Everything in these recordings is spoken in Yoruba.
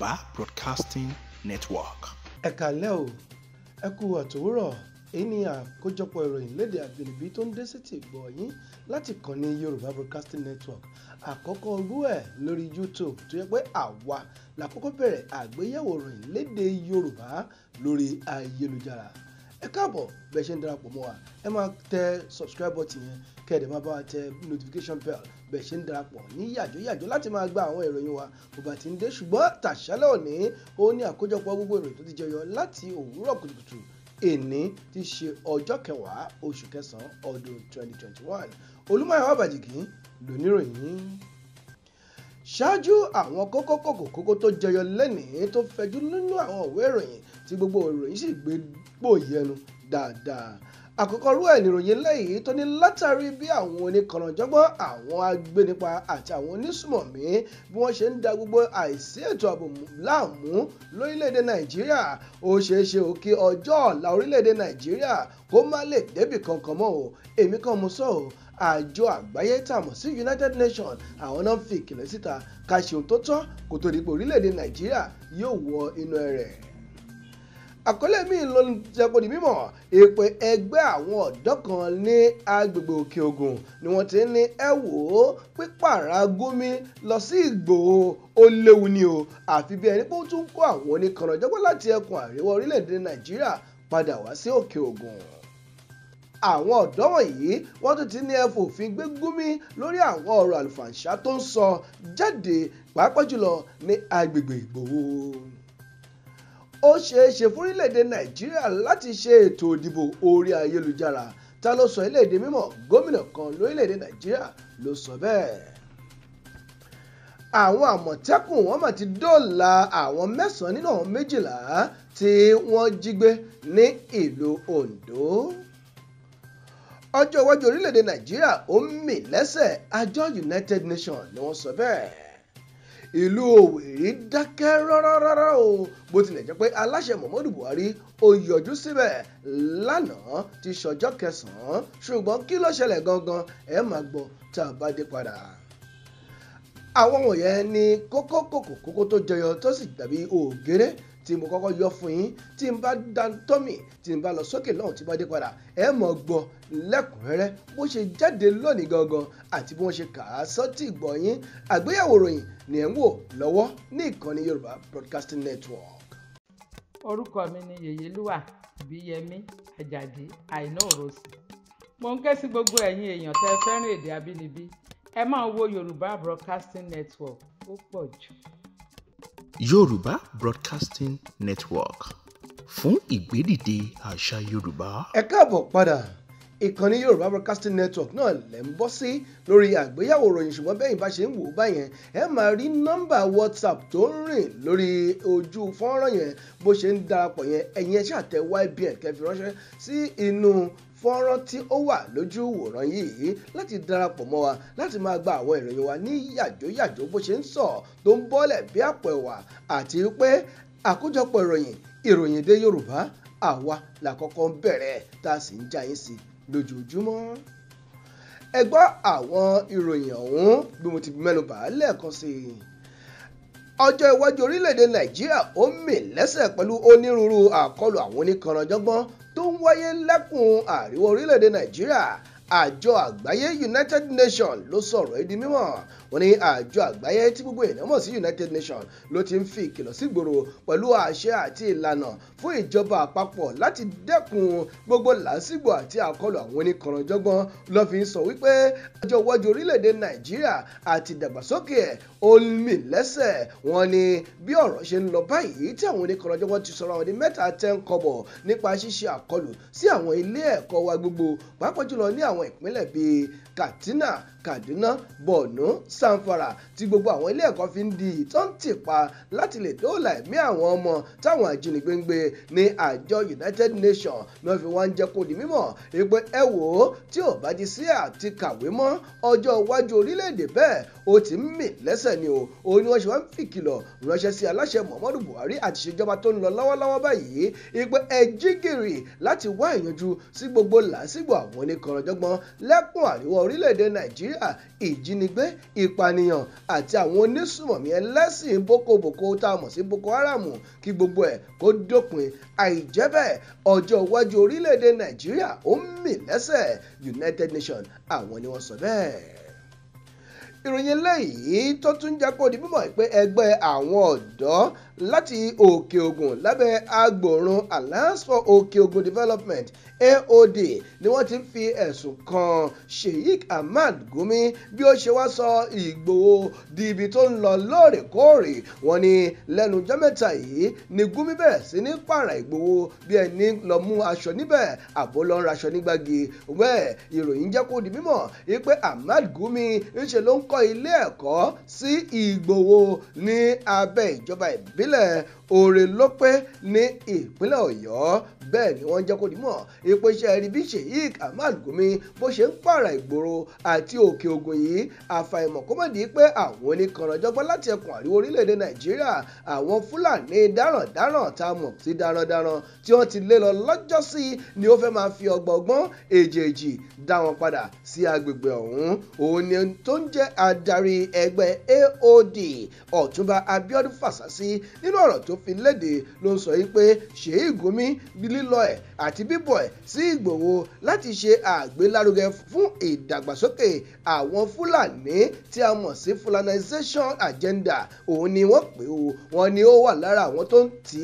Yorùbá Broadcasting Network. ẹ kàlẹ́ o ẹ kú àtòwúrọ̀ èyí ni àkójọpọ̀ ìròyìn lédè àbínibí tó ń dé sétí ìgbọ́ yín láti kàn ní Yorùbá Broadcasting Network àkọ́kọ́ rú ẹ̀ lórí YouTube tó yẹ pé àwa làkọ́kọ́ bẹ̀rẹ̀ àgbéyẹ̀wò ìròyìn lédè Yorùbá lórí ayélujára ẹ káàbọ̀ bẹ́ẹ̀ ṣe ń darapọ̀ mọ́ wa ẹ máa tẹ subscribe button yẹn kẹ́ ẹ̀ dẹ̀ máa bá wa tẹ notification bell bẹ́ẹ̀ ṣe ń darapọ̀ ní yàjóyàjó láti máa gba àwọn ìròyìn wa bó bá ti ń dé ṣùgbọ́n tàṣálẹ́ òní ó ní àkójọpọ̀ gbogbo ìròyìn tó ti jẹyọ láti òwúrọ̀ kùtùkùtù èní ti ṣe ọjọ́ kẹwàá oṣù kẹsàn-án ọdún 2021 olúmọ̀ọ́wá bàjìkì lóníròyìn ṣáájú àwọn kókó kòkó kókó tó jẹyọ lẹ́nìí tó fẹjú nínú àwọn òwe ìròyìn tí gbogbo ìròyìn sì gbé gbòòyẹnu dáadáa àkọ́kọ́ rú ẹ̀ nìròyìn lẹ́yìn tó ní látàrí bí àwọn oníkànrànjọ́gbọ́n àwọn agbénipa àti àwọn onísùmọ̀mí bí wọ́n ṣe ń da gbogbo àìsí ètò ààbò láàmú lórílẹ̀‐èdè nàìjíríà ó ṣeé ṣe ó kí ọjọ́ ọ̀la orílẹ̀‐èdè nàìjíríà kó má lè débì kankan mọ́ o èmi kan mo sọ o àjọ àgbáyé tá sí united nations àwọn náà fi ìkìlọ̀ síta ká ṣe òótọ́ tọ́ kó tó di pé orílẹ̀‐èdè nàìjíríà yóò wọ inú ẹ̀rẹ̀ àkọlé míì ló ń jẹ́ kó di mímọ̀ ìpè ẹgbẹ́ àwọn ọ̀dọ́ kan ní agbègbè òkè ògùn ni wọ́n ti ní ẹ wò ó pípààrà Gumi lọ sí Ìgbòho ó léwu ni o àfi bí ẹni pé ó tún kó àwọn oníkanàjọ́gbọ́n láti ẹkùn àríwá orílẹ̀-èdè Nàìjíríà padà wá sí òkè ògùn àwọn ọ̀dọ́ wọ̀nyí wọ́n tún ti ní ẹ fòfin gbé Gumi lórí àwọn ọ̀rọ̀ àlùfàǹṣá tó ń sọ jáde pàápàá jùlọ ní agbègbè Ìgbòho ó ṣeé ṣe fúrílẹ̀-èdè nàìjíríà láti ṣe ètò ìdìbò orí ayélujára ta ló sọ ilé èdè mímọ́ gómìnà kan lórílẹ̀-èdè nàìjíríà ló sọ bẹ́ẹ̀ àwọn àmọ̀tẹ́kùn wọ́n mà ti dóòlà àwọn mẹ́sàn-án nínú àwọn méjìlá tí wọ́n jí gbé ní ìlú Ondo ọjọ́ iwájú orílẹ̀-èdè nàìjíríà ó ń mì lẹ́sẹ̀ àjọ United Nations ni wọ́n sọ bẹ́ẹ̀ ìlú Owerri dákẹ́ rárárárá o bó tilẹ̀ jẹ́ pé aláṣẹ Muhammadu Buhari ó yọjú síbẹ̀ lánàá ti ṣọjọ́ kẹsàn-án ṣùgbọ́n kí ló ṣẹlẹ̀ gangan ẹ̀ máa gbọ́ tá a bá dé padà àwọn wọ̀nyẹn ni kókó kòkòkókó tó jẹyọ tó sì dàbí ògèrè tí mo kọ́kọ́ yọ fún yín tí n bá dan tọ́mì tí n bá lọ sókè lọ́hùn tí bá dé padà ẹ mọ̀ gbọ́ lẹ́kùnrẹ́rẹ́ bó ṣe jáde lónìí gangan àti bí wọ́n ṣe kà á sọ́tì gbọ̀nyín àgbéyẹ̀wò ròyìn ni ẹ̀ ń wò lọ́wọ́ ní ìkànnì Yorùbá Broadcasting Network. orúkọ mi ni yèyélúwà bíyẹmí àjàdí àìná òròsì mo ń ké sí gbogbo ẹ̀yin èèyàn tẹ́ fẹ́ràn èdè abínibí ẹ máa wo Yorùbá Broadcasting Network ó pọ̀ jù yorùbá broadcasting network fún ìgbédìde àṣà yorùbá. ẹ káàbọ̀ padà ìkànnì yorùbá broadcasting network náà lẹ̀ ń bọ́ sí lórí àgbéyàwó ròyìn ṣùgbọ́n bẹ́yìn bá ṣe ń wò ó báyẹn ẹ máa rí nọ́mbà whatsapp tó ń rìn lórí ojú fọ́nrán yẹn bó ṣe ń darapọ̀ yẹn ẹ̀yin ẹ ṣáà tẹ ybn kẹ́ ránṣẹ́ sí inú fọ́nrán tí ó wà lójú wòran yìí láti darapọ̀ mọ́ wa láti máa gba àwọn ìròyìn wa ní yàjóyàjó bó ṣe ń sọ tó ń bọ́lẹ̀ bí àpò ẹ̀wà àti pé àkójọpọ̀ ìròyìn ìròyìn èdè Yorùbá àwa la ń bẹ̀rẹ̀ tá a sì ń já sí lójoojúmọ́ ẹ gbọ́ àwọn ìròyìn ọ̀hún bí mo ti mẹ́nu bà á lẹ́ẹ̀kan sí i ọjọ́ iwájú orílẹ̀-èdè Nàìjíríà ó mì lẹ́sẹ̀ pẹ̀lú onírúurú àkọlù àwọn oníkanranjọ́gbọ́n tó ń wáyé lẹ́kùn àríwá orílẹ̀-èdè nàìjíríà àjọ àgbáyé United Nations ló sọ̀rọ̀ ẹ́ di mímọ̀ ó ní àjọ àgbáyé tí gbogbo èèyàn mọ̀ sí United Nations ló ti ń fi ìkìlọ̀ sígboro pẹ̀lú àṣẹ àti ìlànà fún ìjọba àpapọ̀ láti dẹ́kun gbogbo làásìgbò àti àkọlù àwọn oníkanranjọ́gbọ́n ló fi ń sọ wípé ọjọ́ iwájú orílẹ̀-èdè Nàìjíríà àti ìdàgbàsókè ẹ̀ ó ń mì lẹ́sẹ̀ wọn ni bí ọ̀rọ̀ ṣe ń lọ báyìí tí àwọn oníkanranjọ́gbọ́n ti sọ̀rọ̀ àwọn ní mẹ́ta tẹ́ ń kọ́bọ̀ nípa ṣíṣe àkọlù sí àwọn ilé ẹ̀kọ́ wa gbogbo pàápàá jùlọ ní àwọn àwọn ìpínlẹ̀ bíi katina Kaduna Borno Samfara tí gbogbo àwọn ilé ẹ̀kọ́ fi ń di ìtọ́ǹtìpa láti lè dóòlà ẹ̀mí àwọn ọmọ táwọn ajínigbé ń gbé ní àjọ United Nations náà fi wá ń jẹ́ kó di mímọ̀ èpè ẹ wò ó tí ò bá di sí àti mọ́ ọjọ́ iwájú orílẹ̀-èdè bẹ́ẹ̀ ó ti ń mì lẹ́sẹ̀ ni o òun ni wọ́n ṣe wá ń fìkìlọ̀ ránṣẹ́ sí aláṣẹ Muhammadu Buhari àti ìṣèjọba tó ń lọ lọ́wọ́lọ́wọ́ báyìí ìpè ẹ̀jígìrì láti wá ìyanjú sí gbogbo làásìgbò àwọn oníkanranjọ́gbọ́n lẹ́kùn àríwá orílẹ̀-èdè Nàìjíríà ìjínigbé ìpànìyàn àti àwọn onísùmọ̀mí ẹlẹ́sìn bókobòko tá a mọ̀ sí Boko Haram kí gbogbo ẹ̀ kó dópin àìjẹ́ bẹ́ẹ̀ ọjọ́ iwájú orílẹ̀-èdè Nàìjíríà ó ń mì lẹ́sẹ̀ United Nations àwọn ni wọ́n sọ bẹ́ẹ̀ ìròyìn eléyìí tó tún jẹ́ kó di mímọ̀ pé ẹgbẹ́ àwọn ọ̀dọ́ láti òkè ògùn lábẹ́ agbòòrùn alliance for òkè ògùn development aod ni wọ́n ti ń fi ẹ̀sùn kan sheikh ahmad gumi bí ó ṣe wá sọ ìgbòho di ibi tó ń lọ lóòrèkóòrè wọ́n ní lẹ́nu ọjọ́ mẹ́ta yìí ni gumi bẹ̀rẹ̀ sí ní pààrà ìgbòho bí ẹni lọ mú aṣọ níbẹ̀ àbó lọ ń raṣọ nígbàgì wẹ́ẹ̀ ìròyìn jẹ́ kó di mímọ̀ wípé ahmad gumi ńṣe ló ń kọ́ ilé ẹ̀kọ́ sí ìgbòho ní abẹ́ ìjọba ìbílẹ̀ இதில் oore ló pé ní ìpínlẹ̀ ọ̀yọ́ bẹ́ẹ̀ ni wọ́n jẹ́ kó dìmọ̀ ipò iṣẹ́ ribi sheik ahmad gumi bó ṣe ń pààrà ìgboro àti òkè ògùn yìí àfàìmọ̀ kó má di pé àwọn oníkanranjọ́gbọ́n láti ẹkùn àríwá orílẹ̀-èdè nàìjíríà àwọn fúlàní dáràndáràn tá a mọ̀ sí darandaran tí wọ́n ti lé lọ lọ́jọ́sí ni ó fẹ́ máa fi ọgbọ̀ngbọ́n èjèèjì dá wọn padà sí agbègbè ọ̀hún òun ni tó ń jẹ́ adarí ẹgbẹ́ aod ọ̀túnba abiodun fàṣásí nínú ọ̀rọ̀ fi léde ló ń sọ yìí pé Ṣèyí Gumi lílọ ẹ̀ àti bíbọ̀ ẹ̀ sí Ìgbòho láti ṣe àgbélárugẹ fún ìdàgbàsókè àwọn Fúlàní tí a mọ̀ sí Fulanisation agenda òun ni wọ́n pè ó wọn ni ó wà lára àwọn tó ń ti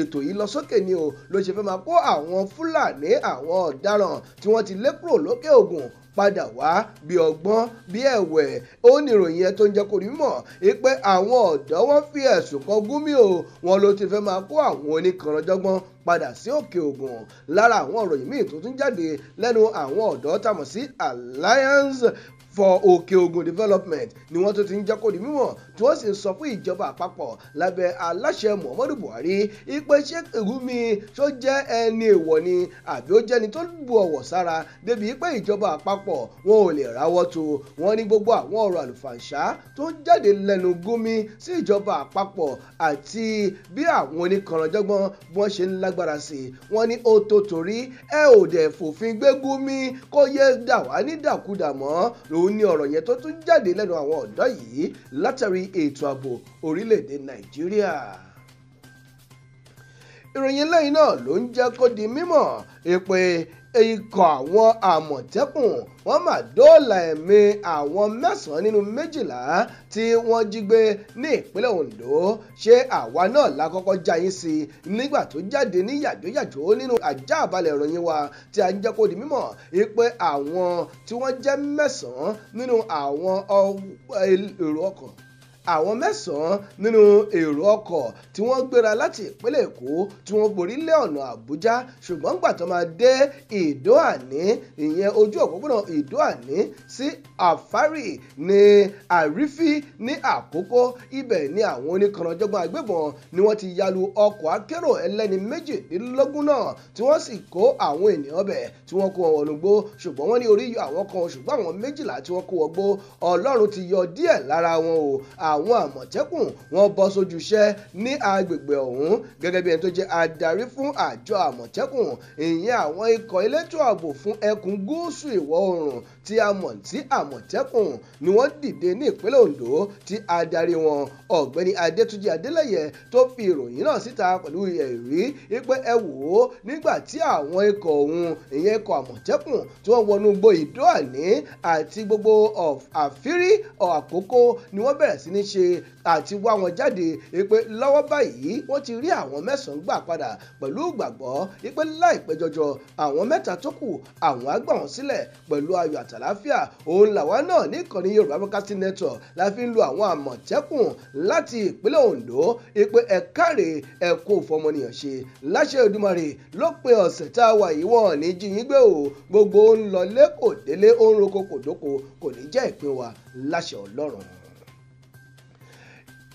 ètò yìí lọ sókè ni o ló ṣe fẹ́ máa kó àwọn Fúlàní àwọn ọ̀daràn tí wọ́n ti lé kúrò lókè Ògùn padà wá bí ọgbọ́n bí ẹ̀wẹ̀ ó ní ìròyìn yẹn tó ń jẹ́ kó rí mọ̀ pé àwọn ọ̀dọ́ wọn fi ẹ̀sùn kan Gumi o wọn ló ti fẹ́ máa kó àwọn oníkanranjọ́gbọ́n padà sí òkè ògùn lára àwọn òròyìn míì tó tún jáde lẹ́nu àwọn ọ̀dọ́ tamọ̀ sí Alliance for òkè ògùn development ni wọ́n tún ti ń jẹ́ kó di mímọ̀ tí wọ́n sì ń sọ fún ìjọba àpapọ̀ lábẹ́ aláṣẹ muhammadu buhari ipe sheikh egumi tó jẹ́ ẹni èèwọ̀ ni àbí ó jẹ́ni tó bu ọ̀wọ̀ sára débi pé ìjọba àpapọ̀ wọn ò lè ráwọ́ tó wọn ní gbogbo àwọn ọ̀rọ̀ àlùfàǹṣá tó ń jáde lẹ́nu gumi sí ìjọba àpapọ̀ àti bí àwọn oníkanranjọ́gbọ́n bí wọ́n ṣe ń lágbó lágbára sí i wọ́n ní ó tó torí ẹ ò dẹ̀ fòfin gbégún mi kó yé dà wá ní dàkúdà mọ́ lòun ní ọ̀rọ̀ yẹn tó tún jáde lẹ́nu àwọn ọ̀dọ́ yìí látàrí ètò ààbò orílẹ̀-èdè nàìjíríà ìròyìn lẹ́yìn náà ló ń jẹ́ kó di mímọ̀ èpè ikọ̀ àwọn àmọ̀tẹ́kùn wọ́n mà dóòlà ẹ̀mí àwọn mẹ́sàn-án nínú méjìlá tí wọ́n jí gbé ní ìpínlẹ̀ Ondo ṣé àwa náà la kọ́kọ́ já yín sí i nígbà tó jáde ní yàjóyàjó nínú ajá àbálẹ̀ ìròyìn wa tí a ń jẹ́ kó di mímọ̀ pé àwọn tí wọ́n jẹ́ mẹ́sàn-án nínú àwọn èrò ọkọ̀ àwọn mẹ́sàn-án nínú èrò ọkọ̀ tí wọ́n gbéra láti ìpínlẹ̀ èkó tí wọ́n gborí lé ọ̀nà àbújá ṣùgbọ́n gbà tó máa dé ìdó àní ìyẹn ojú òpópónà ìdó àní sí àfárì ní àrífí ní àkókò ibẹ̀ ni àwọn oníkanàjọ́gbọ́n agbébọn ni wọ́n ti yalu ọkọ̀ akérò ẹlẹ́ni méjìdínlógún náà tí wọ́n sì kó àwọn ènìyàn bẹ̀ tí wọ́n kó wọn wọnú gbó ṣùgbọ́n wọ́n ní orí yọ àwọn kan ṣùgbọ́n àwọn méjìlá tí wọ́n kó wọgbó ọlọ́run ti yọ díẹ̀ lára wọn o àwọn àmọ̀tẹ́kùn wọn bọ́ sójú iṣẹ́ ní agbègbè ọ̀hún gẹ́gẹ́ bí ẹni tó jẹ́ adarí fún àjọ àmọ̀tẹ́kùn ìyẹn àwọn ikọ̀ elétò ààbò fún ẹkùn gúúsù ìwọ̀ oòrùn tí a mọ̀ àmọ̀tẹ́kùn ni wọ́n dìde ní ìpínlẹ̀ Ondo tí adarí wọn ọ̀gbẹ́ni Adétúnjì Adélẹ́yẹ tó fi ìròyìn náà síta pẹ̀lú ẹ̀rí wípé ẹ wò ó nígbà tí àwọn ikọ̀ ọ̀hún ìyẹn ikọ̀ àmọ̀tẹ́kùn tí wọ́n wọnú igbó ìdó àní àti gbogbo àfírí àkókò ni wọ́n bẹ̀rẹ̀ sí ní ṣe àti wá wọn jáde pé lọ́wọ́ báyìí wọ́n ti rí àwọn mẹ́sàn-án gbà padà pẹ̀lú ìgbàgbọ́ pé láìpẹ́ jọjọ àwọn mẹ́ta tó kù àwọn á gbà wọ́n sílẹ̀ pẹ̀lú ayọ̀ àtàláfíà òun làwa náà ní ìkànnì Yorùbá Broadcasting Network la fi ń lo àwọn àmọ̀tẹ́kùn láti ìpínlẹ̀ Ondo pé ẹ káre ẹ kó ṣe láṣẹ Olódùmarè ló ọ̀sẹ̀ tá a wà yìí wọ́n ní jí gbé o gbogbo ń lọlé kò délé ó ń roko kò dóko kò ní jẹ́ ìpín wa láṣẹ Ọlọ́run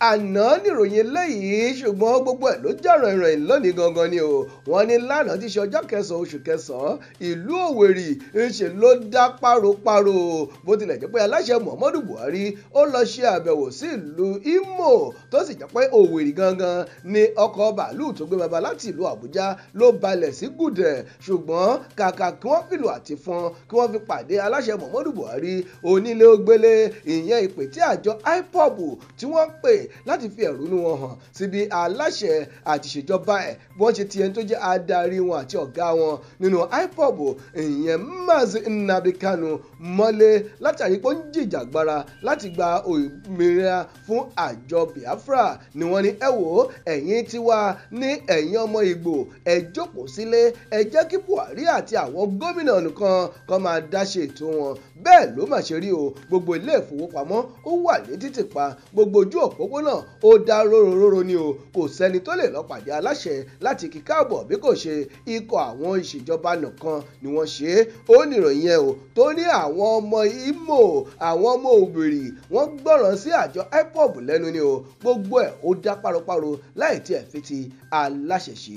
àná níròyìn eléyìí ṣùgbọ́n gbogbo ẹ̀ ló jọ̀rọ̀ ìròyìn lónìí gangan ni o wọ́n ní lánàá ti ṣe ọjọ́ kẹsàn-án oṣù kẹsàn-án ìlú Òwèrì ńṣe ló dá páropáro bó tilẹ̀ jẹ́ pé aláṣẹ Muhammadu Buhari ó lọ ṣe àbẹ̀wò sí ìlú Imo tó sì jẹ́ pé Òwèrì gangan ni ọkọ̀ bàálù tó gbé baba láti ìlú Àbújá ló balẹ̀ sí gùdẹ̀ ṣùgbọ́n kàkà kí wọ́n fìlù àti fọn kí wọ́n fi pàdé aláṣẹ Muhammadu Buhari onílé ó gbélé ìyẹn ìpè tí àjọ IPOB tí wọ́n pè láti fi ẹ̀rúnú wọn hàn sí bí aláṣẹ àtìṣèjọba ẹ̀ bí wọ́n ṣe ti ẹni tó jẹ́ adarí wọn àti ọ̀gá wọn nínú IPOB ìyẹn Mazi Nnabi Kanu mọ́lé látàrí pé ó ń jìjàgbara láti gba òmìnira fún àjọ Biafra ni wọ́n ní ẹ wò ó ẹ̀yin tiwa ní ẹ̀yin ọmọ Ìgbò ẹ jókòó sílé ẹ jẹ́ kí Buhari àti àwọn gómìnà nìkan kan máa dá ètò wọn bẹ́ẹ̀ ló mà ṣe rí o gbogbo ilé ìfowópamọ́ ó wà ní títì pa gbogbo ojú òpópónà náà ó dá róróróró ni o kò sẹ́ni tó lè lọ pàdé aláṣẹ láti kí káàbọ̀ bí kò ṣe ikọ̀ àwọn ìṣèjọba nìkan ni wọ́n ṣe é ó níròyìn ẹ̀ o tó ní àwọn ọmọ Imo àwọn ọmọ òbèrè wọ́n gbọ́ràn sí àjọ IPOB lẹ́nu ni o gbogbo ẹ̀ ó dá páropáro láì tiẹ̀ fi ti aláṣẹ ṣe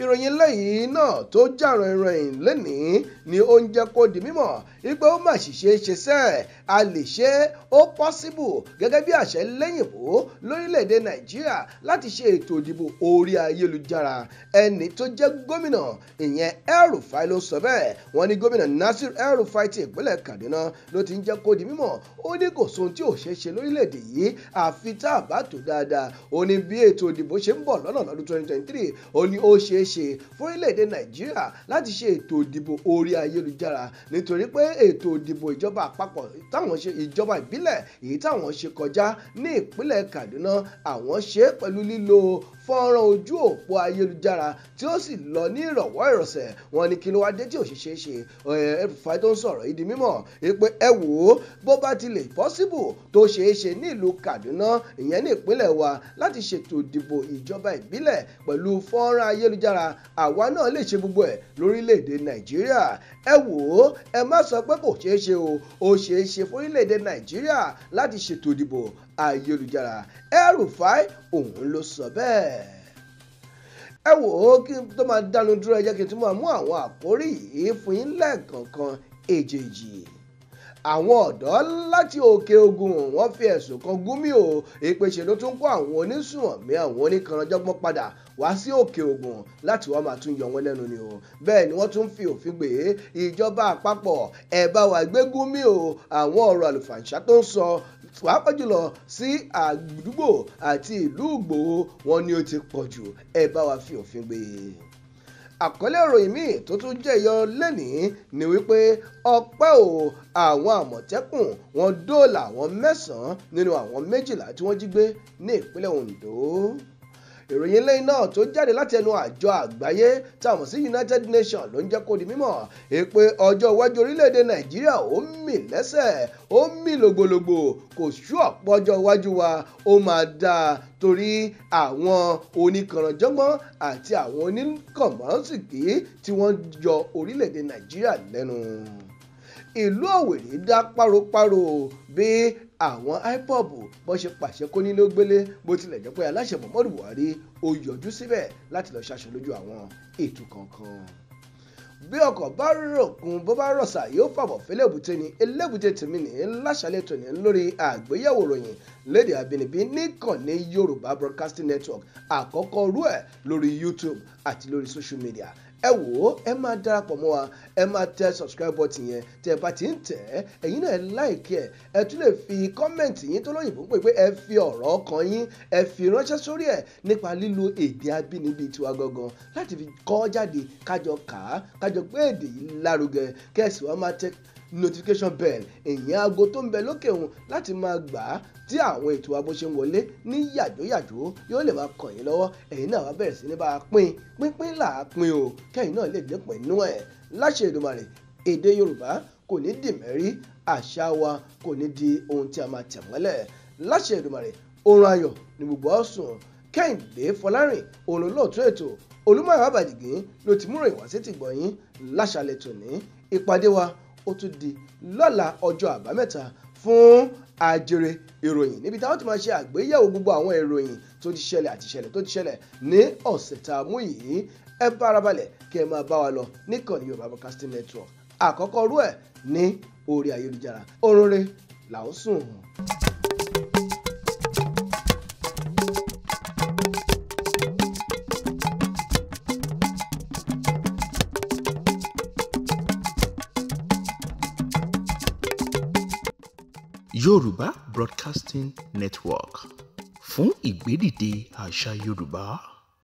ìròyìn lẹ́yìn náà tó jàrọ̀ ìròyìn lẹ́nìí ni ó ń jẹ́ kó di mímọ̀ wípé ó mà ṣìṣe ṣe sẹ́ a lè ṣe ó pọ́síbù gẹ́gẹ́ bí àṣẹ lẹ́yìnbó lórílẹ̀‐èdè nàìjíríà láti ṣe ètò ìdìbò orí ayélujára ẹni tó jẹ́ gómìnà ìyẹn El-Rufai ló sọ bẹ́ẹ̀ wọ́n ní gómìnà Nasir El-Rufai ti ìpínlẹ̀ Kaduna ló ti ń jẹ́ kó di mímọ̀ ó ní kò sóhun tí ò ṣe é ṣe lórílẹ̀‐èdè yìí àfi tá a bá tò dáadáa ó ní bí ètò ìdìbò ṣe ń bọ̀ lọ́nà lọ́dún 2023 ó ní ó ṣeé ṣe fún orílẹ̀‐èdè nàìjíríà láti ṣe ètò ìdìbò orí ayélujára nítorí pé ètò ìdìbò ìjọba àpapọ̀ táwọn ṣe ìjọba ìbílẹ̀ èyí táwọn ṣe kọjá ní ìpínlẹ̀ Kaduna àwọn ṣe é pẹ̀lú lílo fọ́nrán ojú òpó ayélujára tí ó sì lọ ní ìrọ̀wọ́ ìrọ̀sẹ̀ wọn ni kí ló wá dé tí ò ṣe ṣe é ṣe ẹ̀rùfà tó ń sọ̀rọ̀ yìí di mímọ̀ pé ẹ wò ó bó bá tilẹ̀ pọ́síbù tó ṣe é ṣe ní ìlú Kaduna ìyẹn ní ìpínlẹ̀ wa láti ṣètò ìdìbò ìjọba ìbílẹ̀ pẹ̀lú fọ́nrán ayélujára àwa náà lè ṣe gbogbo ẹ̀ lórílẹ̀‐èdè Nàìjíríà ẹ wò ó ẹ má sọ pé kò ṣeé ṣe o ó ṣeé ṣe fórílẹ̀-èdè nàìjíríà láti ṣètò ìdìbò ayélujára El-Rufai òun ló sọ bẹ́ẹ̀ ẹ wò ó kí n tó máa dánu dúró ẹ jẹ́ kí n tún máa mú àwọn àkórí yìí fún yín lẹ́ẹ̀kọ̀ọ̀kan èjèèjì àwọn ọ̀dọ́ láti òkè ogun wọ́n fi ẹ̀sùn kan Gumi o ìpèsè ló tún kó àwọn onísùnmọ̀mí àwọn oníkanranjọ́gbọ́n padà wá sí òkè ogun láti wá máa tún yọ wọn lẹ́nu ni o bẹ́ẹ̀ ni wọ́n tún fi òfin gbé e. ìjọba àpapọ̀ ẹ̀ bá wa gbé Gumi o àwọn ọ̀rọ̀ àlùfàǹṣá tó ń sọ pàápàá jùlọ sí àdúgbò àti ìlú Ìgbòho wọn ni ó ti pọ̀ jù ẹ̀ bá wa fi òfin gbé e àkọlé ìròyìn míì tó tún jẹyọ lẹ́nìí ni wípé ọpẹ́ o àwọn àmọ̀tẹ́kùn wọn dóòlà àwọn mẹ́sàn-án nínú àwọn méjìlá tí wọ́n jí gbé ní ìpínlẹ̀ Ondo ìròyìn lẹ́yìn náà tó jáde láti ẹnu àjọ àgbáyé táwọn sí United Nations ló ń jẹ́ kó di mímọ̀ èpè ọjọ́ iwájú orílẹ̀-èdè Nàìjíríà ó ń mì lẹ́sẹ̀ ó ń mì lògbòlògbò kò sú ọ̀pọ̀ ọjọ́ iwájú wa ó máa dáa torí àwọn oníkànrànjọ́gbọ́n àti àwọn oníkànmọ́sìkì tí wọ́n yọ orílẹ̀-èdè Nàìjíríà lẹ́nu ìlú Òwèrè dá páropáro bí àwọn IPOB bó ṣe pàṣẹ kó nílé ó gbélé bó tilẹ̀ jẹ́ pé aláṣẹ Muhammadu Buhari ó yọjú síbẹ̀ láti lọ́ọ́ ṣaṣọ lójú àwọn ètò kankan bí ọkọ̀ bá rògùn bó bá rọ̀ṣà yóò fàbọ̀ fẹ́lẹ́ èbúté ni elébùté tèmi ní láṣálẹ̀ tòní lórí àgbéyẹ̀wò ròyìn lédè àbínibí níkànnì Yorùbá Broadcasting Network àkọ́kọ́ rú ẹ̀ lórí YouTube àti lórí social media ẹ wò ó ẹ máa darapọ̀ mọ́ wa ẹ máa tẹ subscribe button yẹn tẹ bá ti ń tẹ̀ ẹ́ ẹ̀yin náà like ẹ̀ ẹ tún lè fi comment yín tó lóyìnbó ń pè pé ẹ fi ọ̀rọ̀ ọkàn yín ẹ fi ránṣẹ́ sórí ẹ̀ nípa lílo èdè abínibí tiwa gangan láti fi kọ́ jáde kájọ kà á kájọ gbé èdè yìí lárugẹ kẹ́sì wa máa tẹ́ notification bell ìyẹn aago tó ń bẹ lókè òun láti máa gbà á tí àwọn ètò ààbò ṣe ń wọlé ní yàjóyàjó yóò lè máa kàn yín lọ́wọ́ ẹ̀yin náà wá bẹ̀rẹ̀ sí ní bá a pín pínpín là á pín o kẹ́yìn náà lè dẹ́pọ̀ inú ẹ̀ láṣẹ Èdùmàrè èdè Yorùbá kò ní dì àṣà wa kò ní di ohun tí a máa tẹ̀ mọ́lẹ̀ láṣẹ Èdùmàrè oorun ayọ̀ ní gbogbo ọ̀sùn Kẹ́hìndé Fọlárìn òun lóòtú ètò Olúmọ Àbàdìgín ló ti múròyìn wá sétí gbọ̀nyìn láṣàlẹ̀ tòní ìpàdé wa ó tún di lọ́la ọjọ́ àbámẹ́ta fún àjèrè ìròyìn níbi táwọn ti máa ṣe àgbéyẹ̀wò gbogbo àwọn ìròyìn tó ti ṣẹlẹ̀ àti ìṣẹ̀lẹ̀ tó ti ṣẹlẹ̀ ní ọ̀sẹ̀ tá a mú yìí ẹ farabalẹ̀ kí ẹ máa bá wa lọ níkànnì Yorùbá Broadcasting Network àkọ́kọ́ rú ẹ̀ ní orí ayélujára orunre làwọn sùn. Yorùbá Broadcasting Network fún ìgbédìde àṣà Yorùbá.